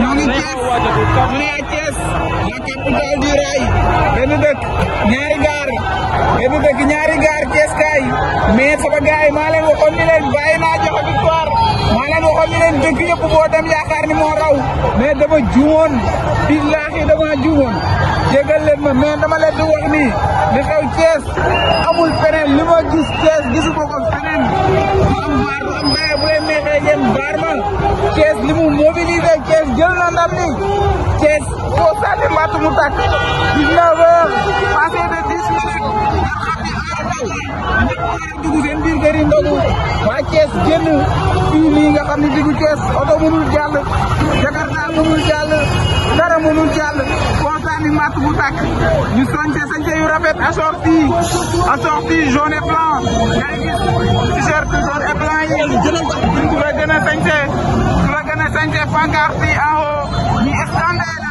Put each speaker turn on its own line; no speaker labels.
ñoo ngi Thiès ñu ne
Thiès la capitale du rail ñaari gaar benn dëkk ñaari gaar maa leen waxoon ni leen bàyyi naa joxe victoire maa leen waxoon ni leen dëkk yëpp boo dem ni moo raw mais dama juumoon billaahi dama juumoon jégal leen ma mais dama leen di wax ni li xew Thiès amul feneen li ma gis Thiès gisuma ko feneen am baar am bu leen neexee baar ma Thiès li mu mobilisé taale ma mu tàkk 19 heures passé de 10 minutes dugg seen biir kër yi ndogu waa Thiès génn fii nii nga xam ne diggu Thiès oto mënul jàll Jakarta mënul jàll dara mënul jàll kontaan ni matt mu tàkk ñu sañce sañce yu rafet assorti assorti jaune et blanc ngay gis t-shirt jaune et blanc yi su la gën a sañce su la gën a sañce pancarte yi en haut ñu standé la